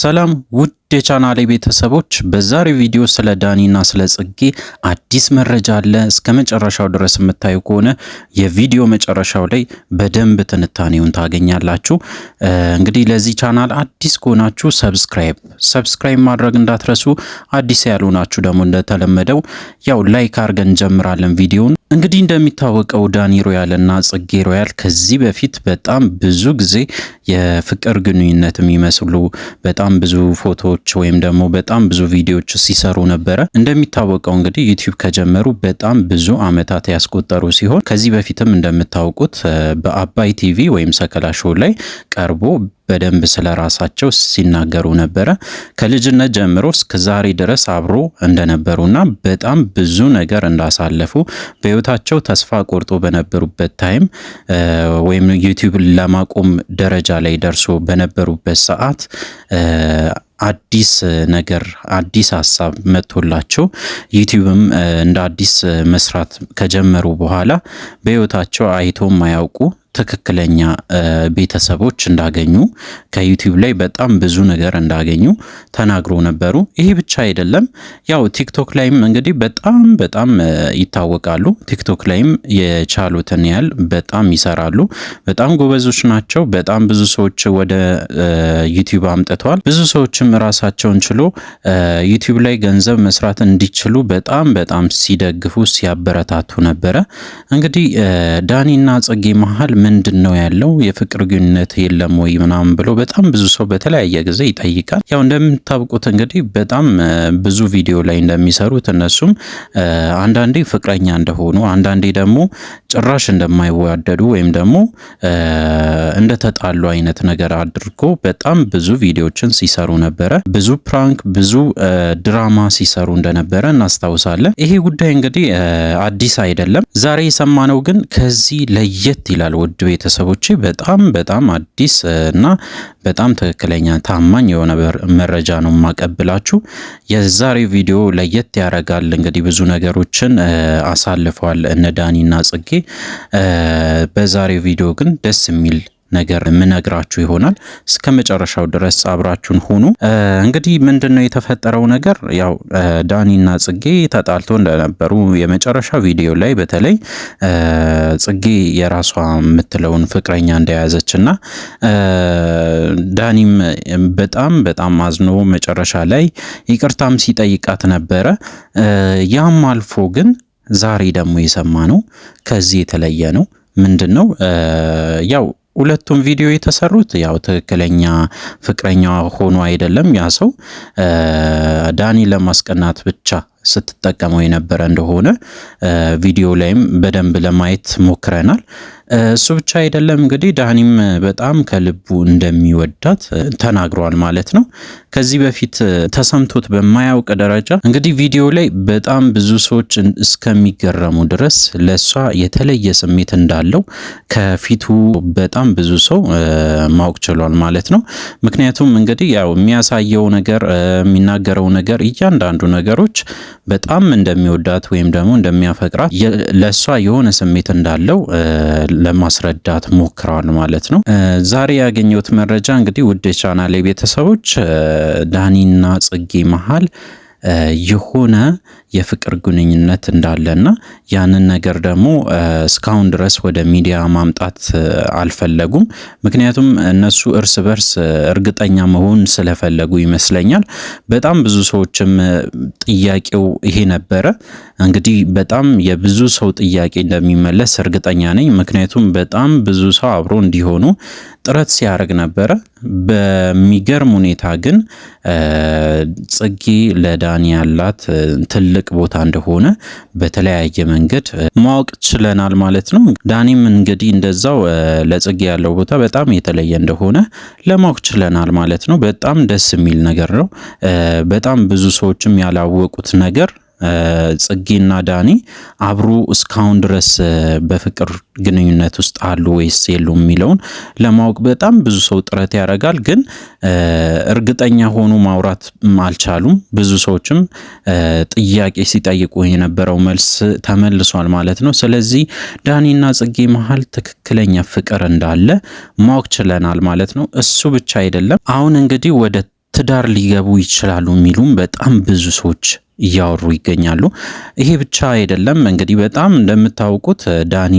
ሰላም ውድ የቻናሌ ቤተሰቦች፣ በዛሬ ቪዲዮ ስለ ዳኒና ስለ ጽጌ አዲስ መረጃ አለ። እስከ መጨረሻው ድረስ የምታዩ ከሆነ የቪዲዮ መጨረሻው ላይ በደንብ ትንታኔውን ታገኛላችሁ። እንግዲህ ለዚህ ቻናል አዲስ ከሆናችሁ ሰብስክራይብ ሰብስክራይብ ማድረግ እንዳትረሱ። አዲስ ያልሆናችሁ ደግሞ እንደተለመደው ያው ላይክ አድርገን እንጀምራለን ቪዲዮን እንግዲህ እንደሚታወቀው ዳኒ ሮያል እና ጽጌ ሮያል ከዚህ በፊት በጣም ብዙ ጊዜ የፍቅር ግንኙነት የሚመስሉ በጣም ብዙ ፎቶዎች ወይም ደግሞ በጣም ብዙ ቪዲዮዎች ሲሰሩ ነበረ። እንደሚታወቀው እንግዲህ ዩቲዩብ ከጀመሩ በጣም ብዙ ዓመታት ያስቆጠሩ ሲሆን ከዚህ በፊትም እንደምታውቁት በአባይ ቲቪ ወይም ሰከላ ሾው ላይ ቀርቦ በደንብ ስለ ራሳቸው ሲናገሩ ነበረ። ከልጅነት ጀምሮ እስከ ዛሬ ድረስ አብሮ እንደነበሩና በጣም ብዙ ነገር እንዳሳለፉ በህይወታቸው ተስፋ ቆርጦ በነበሩበት ታይም ወይም ዩቲዩብ ለማቆም ደረጃ ላይ ደርሶ በነበሩበት ሰዓት አዲስ ነገር አዲስ ሀሳብ መጥቶላቸው ዩቲዩብም እንደ አዲስ መስራት ከጀመሩ በኋላ በህይወታቸው አይቶም አያውቁ ትክክለኛ ቤተሰቦች እንዳገኙ ከዩቲዩብ ላይ በጣም ብዙ ነገር እንዳገኙ ተናግሮ ነበሩ። ይሄ ብቻ አይደለም፣ ያው ቲክቶክ ላይም እንግዲህ በጣም በጣም ይታወቃሉ። ቲክቶክ ላይም የቻሉትን ያህል በጣም ይሰራሉ። በጣም ጎበዞች ናቸው። በጣም ብዙ ሰዎች ወደ ዩቲዩብ አምጥተዋል። ብዙ ሰዎችም ራሳቸውን ችሎ ዩቲዩብ ላይ ገንዘብ መስራት እንዲችሉ በጣም በጣም ሲደግፉ ሲያበረታቱ ነበረ። እንግዲህ ዳኒና ጽጌ መሀል ምንድን ነው ያለው የፍቅር ግንኙነት የለም ወይ ምናምን ብሎ በጣም ብዙ ሰው በተለያየ ጊዜ ይጠይቃል። ያው እንደምታውቁት እንግዲህ በጣም ብዙ ቪዲዮ ላይ እንደሚሰሩት እነሱም አንዳንዴ ፍቅረኛ እንደሆኑ አንዳንዴ ደግሞ ጭራሽ እንደማይዋደዱ ወይም ደግሞ እንደተጣሉ አይነት ነገር አድርጎ በጣም ብዙ ቪዲዮዎችን ሲሰሩ ነበረ። ብዙ ፕራንክ፣ ብዙ ድራማ ሲሰሩ እንደነበረ እናስታውሳለን። ይሄ ጉዳይ እንግዲህ አዲስ አይደለም። ዛሬ የሰማነው ግን ከዚህ ለየት ይላል። ውድ ቤተሰቦች በጣም በጣም አዲስ እና በጣም ትክክለኛ ታማኝ የሆነ መረጃ ነው የማቀብላችሁ። የዛሬው ቪዲዮ ለየት ያደርጋል። እንግዲህ ብዙ ነገሮችን አሳልፈዋል እነ ዳኒና ጽጌ። በዛሬው ቪዲዮ ግን ደስ የሚል ነገር የምነግራችሁ ይሆናል። እስከ መጨረሻው ድረስ አብራችሁን ሁኑ። እንግዲህ ምንድን ነው የተፈጠረው ነገር ያው ዳኒና ጽጌ ተጣልቶ እንደነበሩ የመጨረሻ ቪዲዮ ላይ በተለይ ጽጌ የራሷ የምትለውን ፍቅረኛ እንደያዘች እና ዳኒም በጣም በጣም አዝኖ መጨረሻ ላይ ይቅርታም ሲጠይቃት ነበረ። ያም አልፎ ግን ዛሬ ደግሞ የሰማ ነው ከዚህ የተለየ ነው። ምንድን ነው ያው ሁለቱም ቪዲዮ የተሰሩት ያው ትክክለኛ ፍቅረኛ ሆኖ አይደለም። ያ ሰው ዳኒ ለማስቀናት ብቻ ስትጠቀመው የነበረ እንደሆነ ቪዲዮ ላይም በደንብ ለማየት ሞክረናል። እሱ ብቻ አይደለም እንግዲህ ዳኒም በጣም ከልቡ እንደሚወዳት ተናግሯል ማለት ነው። ከዚህ በፊት ተሰምቶት በማያውቅ ደረጃ እንግዲህ ቪዲዮ ላይ በጣም ብዙ ሰዎች እስከሚገረሙ ድረስ ለእሷ የተለየ ስሜት እንዳለው ከፊቱ በጣም ብዙ ሰው ማወቅ ችሏል ማለት ነው። ምክንያቱም እንግዲህ ያው የሚያሳየው ነገር የሚናገረው ነገር እያንዳንዱ ነገሮች በጣም እንደሚወዳት ወይም ደግሞ እንደሚያፈቅራት ለእሷ የሆነ ስሜት እንዳለው ለማስረዳት ሞክረዋል ማለት ነው። ዛሬ ያገኘሁት መረጃ እንግዲህ ውድ ቻናሌ ቤተሰቦች ዳኒና ጽጌ መሀል የሆነ የፍቅር ግንኙነት እንዳለና ያንን ነገር ደግሞ እስካሁን ድረስ ወደ ሚዲያ ማምጣት አልፈለጉም። ምክንያቱም እነሱ እርስ በርስ እርግጠኛ መሆን ስለፈለጉ ይመስለኛል። በጣም ብዙ ሰዎችም ጥያቄው ይሄ ነበረ። እንግዲህ በጣም የብዙ ሰው ጥያቄ እንደሚመለስ እርግጠኛ ነኝ። ምክንያቱም በጣም ብዙ ሰው አብሮ እንዲሆኑ ጥረት ሲያደርግ ነበረ። በሚገርም ሁኔታ ግን ጽጌ ለዳኒ ያላት ትልቅ ትልቅ ቦታ እንደሆነ በተለያየ መንገድ ማወቅ ችለናል ማለት ነው። ዳኒም እንግዲህ እንደዛው ለጽጌ ያለው ቦታ በጣም የተለየ እንደሆነ ለማወቅ ችለናል ማለት ነው። በጣም ደስ የሚል ነገር ነው። በጣም ብዙ ሰዎችም ያላወቁት ነገር ጽጌና ዳኒ አብሮ እስካሁን ድረስ በፍቅር ግንኙነት ውስጥ አሉ ወይስ የሉም የሚለውን ለማወቅ በጣም ብዙ ሰው ጥረት ያደርጋል፣ ግን እርግጠኛ ሆኖ ማውራት አልቻሉም። ብዙ ሰዎችም ጥያቄ ሲጠይቁ የነበረው መልስ ተመልሷል ማለት ነው። ስለዚህ ዳኒና ጽጌ መሀል ትክክለኛ ፍቅር እንዳለ ማወቅ ችለናል ማለት ነው። እሱ ብቻ አይደለም፣ አሁን እንግዲህ ወደ ትዳር ሊገቡ ይችላሉ የሚሉም በጣም ብዙ ሰዎች እያወሩ ይገኛሉ። ይሄ ብቻ አይደለም እንግዲህ በጣም እንደምታውቁት ዳኒ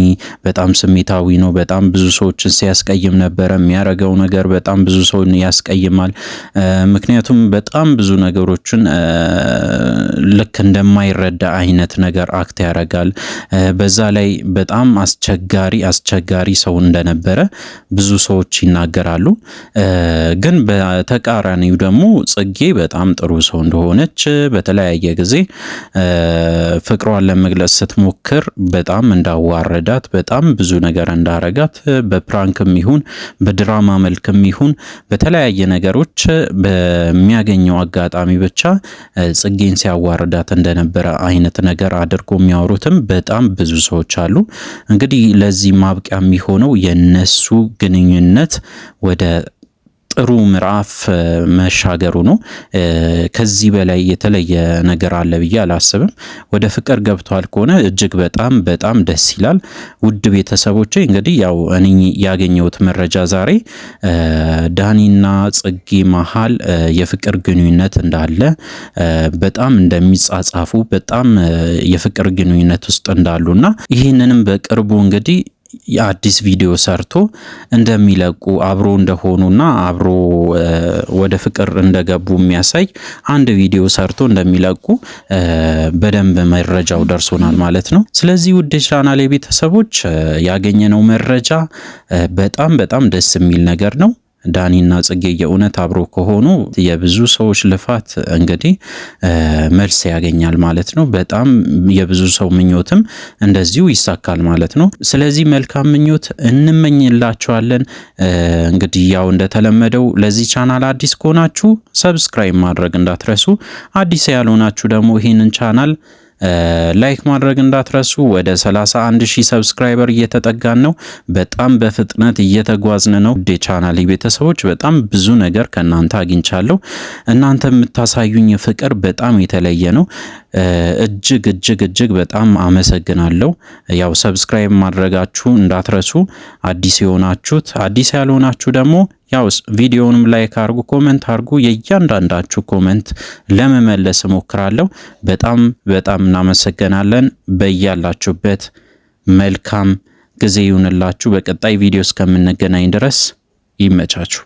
በጣም ስሜታዊ ነው። በጣም ብዙ ሰዎችን ሲያስቀይም ነበረ። የሚያደርገው ነገር በጣም ብዙ ሰውን ያስቀይማል። ምክንያቱም በጣም ብዙ ነገሮችን ልክ እንደማይረዳ አይነት ነገር አክት ያደርጋል። በዛ ላይ በጣም አስቸጋሪ አስቸጋሪ ሰው እንደነበረ ብዙ ሰዎች ይናገራሉ። ግን በተቃራኒው ደግሞ ጽጌ በጣም ጥሩ ሰው እንደሆነች በተለያየ በተለያየ ጊዜ ፍቅሯን ለመግለጽ ስትሞክር በጣም እንዳዋረዳት በጣም ብዙ ነገር እንዳረጋት በፕራንክም ይሁን በድራማ መልክም ይሁን በተለያየ ነገሮች በሚያገኘው አጋጣሚ ብቻ ጽጌን ሲያዋርዳት እንደነበረ አይነት ነገር አድርጎ የሚያወሩትም በጣም ብዙ ሰዎች አሉ። እንግዲህ ለዚህ ማብቂያ የሚሆነው የነሱ ግንኙነት ወደ ጥሩ ምዕራፍ መሻገሩ ነው። ከዚህ በላይ የተለየ ነገር አለ ብዬ አላስብም። ወደ ፍቅር ገብቷል ከሆነ እጅግ በጣም በጣም ደስ ይላል። ውድ ቤተሰቦች እንግዲህ ያው እኔ ያገኘሁት መረጃ ዛሬ ዳኒና ጽጌ መሀል የፍቅር ግንኙነት እንዳለ በጣም እንደሚጻጻፉ በጣም የፍቅር ግንኙነት ውስጥ እንዳሉና ይህንንም በቅርቡ እንግዲህ አዲስ ቪዲዮ ሰርቶ እንደሚለቁ አብሮ እንደሆኑና አብሮ ወደ ፍቅር እንደገቡ የሚያሳይ አንድ ቪዲዮ ሰርቶ እንደሚለቁ በደንብ መረጃው ደርሶናል ማለት ነው። ስለዚህ ውድ የቻናሌ ቤተሰቦች ያገኘነው መረጃ በጣም በጣም ደስ የሚል ነገር ነው። ዳኒና ጽጌ የእውነት አብሮ ከሆኑ የብዙ ሰዎች ልፋት እንግዲህ መልስ ያገኛል ማለት ነው። በጣም የብዙ ሰው ምኞትም እንደዚሁ ይሳካል ማለት ነው። ስለዚህ መልካም ምኞት እንመኝላቸዋለን እንግዲህ ያው እንደተለመደው ለዚህ ቻናል አዲስ ከሆናችሁ ሰብስክራይብ ማድረግ እንዳትረሱ። አዲስ ያልሆናችሁ ደግሞ ይህንን ቻናል ላይክ ማድረግ እንዳትረሱ። ወደ 31 ሺህ ሰብስክራይበር እየተጠጋን ነው። በጣም በፍጥነት እየተጓዝን ነው። ዴ ቻናል ቤተሰቦች በጣም ብዙ ነገር ከእናንተ አግኝቻለሁ። እናንተ የምታሳዩኝ ፍቅር በጣም የተለየ ነው። እጅግ እጅግ እጅግ በጣም አመሰግናለሁ። ያው ሰብስክራይብ ማድረጋችሁ እንዳትረሱ። አዲስ የሆናችሁት አዲስ ያልሆናችሁ ደግሞ ያውስ ቪዲዮውንም ላይክ አርጉ፣ ኮመንት አርጉ። የእያንዳንዳችሁ ኮመንት ለመመለስ እሞክራለሁ። በጣም በጣም እናመሰግናለን። በያላችሁበት መልካም ጊዜ ይሁንላችሁ። በቀጣይ ቪዲዮ እስከምንገናኝ ድረስ ይመቻችሁ።